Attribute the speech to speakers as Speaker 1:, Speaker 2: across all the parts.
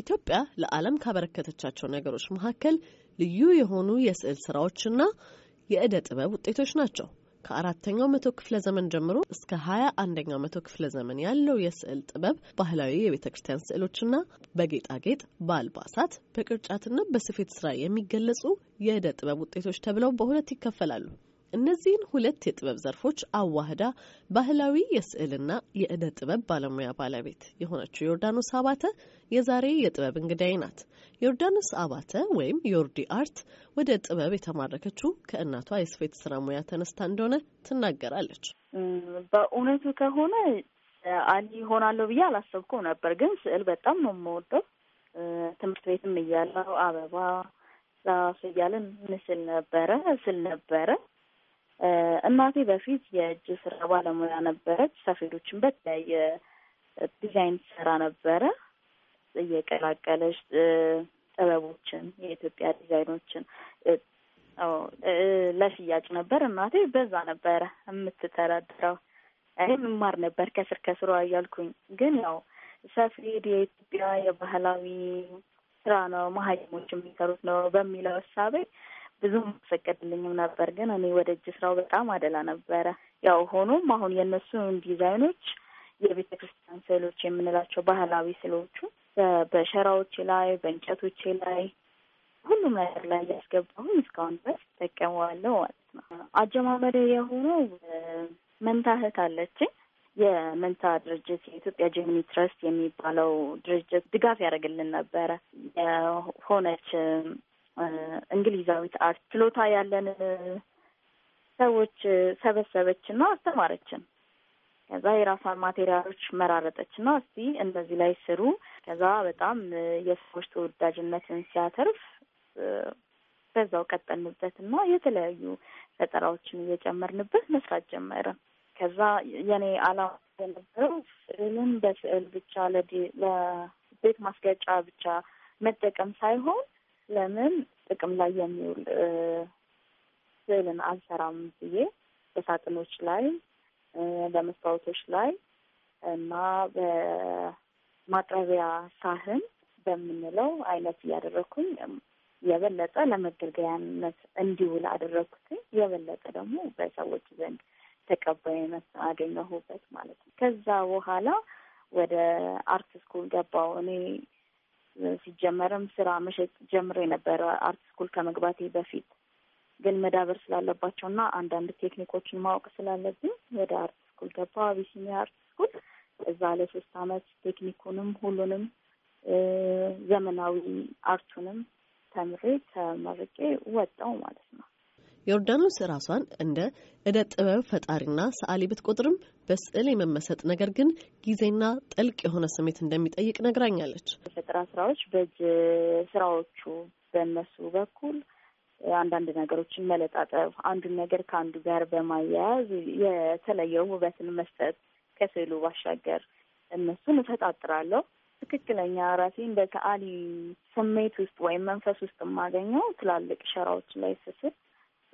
Speaker 1: ኢትዮጵያ ለዓለም ካበረከተቻቸው ነገሮች መካከል ልዩ የሆኑ የስዕል ስራዎችና የእደ ጥበብ ውጤቶች ናቸው። ከአራተኛው መቶ ክፍለ ዘመን ጀምሮ እስከ ሀያ አንደኛው መቶ ክፍለ ዘመን ያለው የስዕል ጥበብ ባህላዊ የቤተ ክርስቲያን ስዕሎችና በጌጣጌጥ፣ በአልባሳት፣ በቅርጫትና በስፌት ስራ የሚገለጹ የእደ ጥበብ ውጤቶች ተብለው በሁለት ይከፈላሉ። እነዚህን ሁለት የጥበብ ዘርፎች አዋህዳ ባህላዊ የስዕልና የእደ ጥበብ ባለሙያ ባለቤት የሆነችው ዮርዳኖስ አባተ የዛሬ የጥበብ እንግዳይ ናት። ዮርዳኖስ አባተ ወይም ዮርዲ አርት ወደ ጥበብ የተማረከችው ከእናቷ የስፌት ስራ ሙያ ተነስታ እንደሆነ ትናገራለች።
Speaker 2: በእውነቱ ከሆነ አሊ ይሆናለሁ ብዬ አላሰብኩም ነበር፣ ግን ስዕል በጣም ነው የምወደው። ትምህርት ቤትም እያለው አበባ ዛፍ እያለን ምስል ነበረ ስል ነበረ እናቴ በፊት የእጅ ስራ ባለሙያ ነበረች። ሰፌዶችን በተለያየ ዲዛይን ትሰራ ነበረ እየቀላቀለች ጥበቦችን የኢትዮጵያ ዲዛይኖችን ለሽያጭ ነበር እናቴ በዛ ነበረ የምትተዳድረው። ይህም እማር ነበር ከስር ከስሩ እያልኩኝ ግን ያው ሰፌድ የኢትዮጵያ የባህላዊ ስራ ነው፣ መሀይሞች የሚሰሩት ነው በሚለው እሳቤ ብዙም አይፈቀድልኝም ነበር፣ ግን እኔ ወደ እጅ ስራው በጣም አደላ ነበረ። ያው ሆኖም አሁን የእነሱን ዲዛይኖች የቤተ ክርስቲያን ስዕሎች የምንላቸው ባህላዊ ስዕሎቹ በሸራዎቼ ላይ በእንጨቶቼ ላይ ሁሉም ነገር ላይ እያስገባሁኝ እስካሁን ድረስ እጠቀመዋለሁ ማለት ነው። አጀማመሪ የሆነው መንታ እህት አለችኝ። የመንታ ድርጅት የኢትዮጵያ ጀሚኒ ትረስት የሚባለው ድርጅት ድጋፍ ያደርግልን ነበረ። የሆነች እንግሊዛዊት አርት ችሎታ ያለን ሰዎች ሰበሰበች አስተማረችን። ከዛ የራሷን ማቴሪያሎች መራረጠች እና እስቲ እንደዚህ ላይ ስሩ። ከዛ በጣም የሰዎች ተወዳጅነትን ሲያተርፍ በዛው ቀጠልንበት የተለያዩ ፈጠራዎችን እየጨመርንበት መስራት ጀመርን። ከዛ የኔ አላማ የነበረው ስዕልን በስዕል ብቻ ለቤት ማስጌጫ ብቻ መጠቀም ሳይሆን ለምን ጥቅም ላይ የሚውል ስዕልን አልሰራም ብዬ በሳጥኖች ላይ በመስታወቶች ላይ እና በማቅረቢያ ሳህን በምንለው አይነት እያደረግኩኝ የበለጠ ለመገልገያነት እንዲውል አደረግኩትኝ። የበለጠ ደግሞ በሰዎች ዘንድ ተቀባይነት አገኘሁበት ማለት ነው። ከዛ በኋላ ወደ አርት ስኩል ገባው። እኔ ሲጀመርም ስራ መሸጥ ጀምሮ የነበረ አርት ስኩል ከመግባቴ በፊት ግን መዳበር ስላለባቸውና አንዳንድ ቴክኒኮችን ማወቅ ስላለብኝ ወደ አርት ስኩል ገባ። አቢሲኒያ አርት ስኩል እዛ ለሶስት አመት ቴክኒኩንም ሁሉንም ዘመናዊ አርቱንም ተምሬ ተመርቄ ወጣው ማለት ነው።
Speaker 1: ዮርዳኖስ ራሷን እንደ እደ ጥበብ ፈጣሪና ሰዓሊ ብትቆጥርም በስዕል የመመሰጥ ነገር ግን ጊዜና ጥልቅ የሆነ ስሜት እንደሚጠይቅ ነግራኛለች። የፈጠራ
Speaker 2: ስራዎች በእጅ ስራዎቹ በእነሱ በኩል አንዳንድ ነገሮችን መለጣጠብ፣ አንዱን ነገር ከአንዱ ጋር በማያያዝ የተለየው ውበትን መስጠት ከስዕሉ ባሻገር እነሱን እፈጣጥራለሁ። ትክክለኛ ራሴን በሰዓሊ ስሜት ውስጥ ወይም መንፈስ ውስጥ የማገኘው ትላልቅ ሸራዎች ላይ ስስል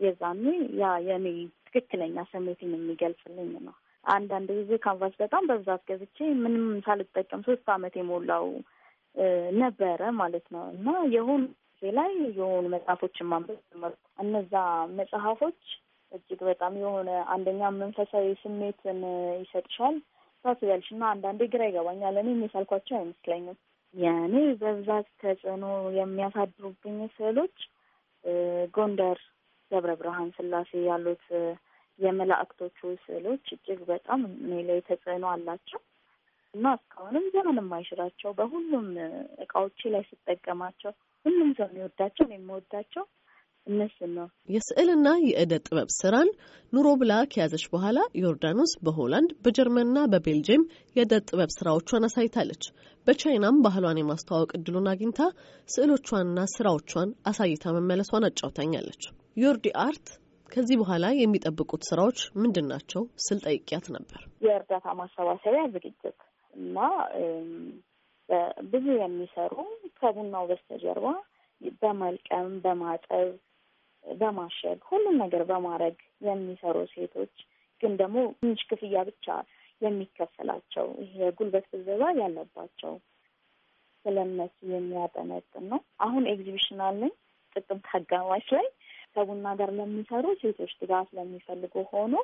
Speaker 2: የዛኔ ያ የኔ ትክክለኛ ስሜትን የሚገልጽልኝ ነው። አንዳንድ ጊዜ ካንቫስ በጣም በብዛት ገዝቼ ምንም ሳልጠቀም ሶስት አመት የሞላው ነበረ ማለት ነው እና የሆኑ ጊዜ ላይ የሆኑ መጽሐፎችን ማንበብ ጀመርኩ። እነዛ መጽሐፎች እጅግ በጣም የሆነ አንደኛ መንፈሳዊ ስሜትን ይሰጥሻል ሳት ያልሽ እና አንዳንዴ ግራ ይገባኛል። እኔ የሚሳልኳቸው አይመስለኝም። የእኔ በብዛት ተጽዕኖ የሚያሳድሩብኝ ስዕሎች ጎንደር ደብረ ብርሃን ስላሴ ያሉት የመላእክቶቹ ስዕሎች እጅግ በጣም እኔ ላይ ተጽዕኖ አላቸው እና እስካሁንም ዘመን የማይሽራቸው በሁሉም እቃዎቼ ላይ ስጠቀማቸው ሁሉም ሰው የሚወዳቸው የሚወዳቸው እነሱን ነው።
Speaker 1: የስዕልና የእደ ጥበብ ስራን ኑሮ ብላ ከያዘች በኋላ ዮርዳኖስ በሆላንድ በጀርመንና በቤልጅየም የእደ ጥበብ ስራዎቿን አሳይታለች። በቻይናም ባህሏን የማስተዋወቅ እድሉን አግኝታ ስዕሎቿንና ስራዎቿን አሳይታ መመለሷን አጫውታኛለች። ዮርዲ አርት ከዚህ በኋላ የሚጠብቁት ስራዎች ምንድን ናቸው ስል ጠይቂያት ነበር።
Speaker 2: የእርዳታ ማሰባሰቢያ ዝግጅት እና ብዙ የሚሰሩ ከቡናው በስተጀርባ በመልቀም በማጠብ በማሸግ ሁሉም ነገር በማድረግ የሚሰሩ ሴቶች ግን ደግሞ ትንሽ ክፍያ ብቻ የሚከፈላቸው ይሄ የጉልበት ብዝበዛ ያለባቸው ስለነሱ የሚያጠነጥን ነው። አሁን ኤግዚቢሽን አለኝ ጥቅምት አጋማሽ ላይ ከቡና ጋር ለሚሰሩ ሴቶች ድጋፍ ለሚፈልጉ ሆኖ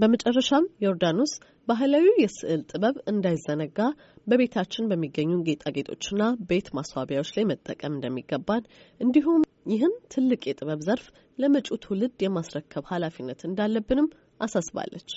Speaker 1: በመጨረሻም ዮርዳኖስ ባህላዊ የስዕል ጥበብ እንዳይዘነጋ በቤታችን በሚገኙ ጌጣጌጦችና ቤት ማስዋቢያዎች ላይ መጠቀም እንደሚገባን እንዲሁም ይህን ትልቅ የጥበብ ዘርፍ ለመጪው ትውልድ የማስረከብ ኃላፊነት እንዳለብንም አሳስባለች።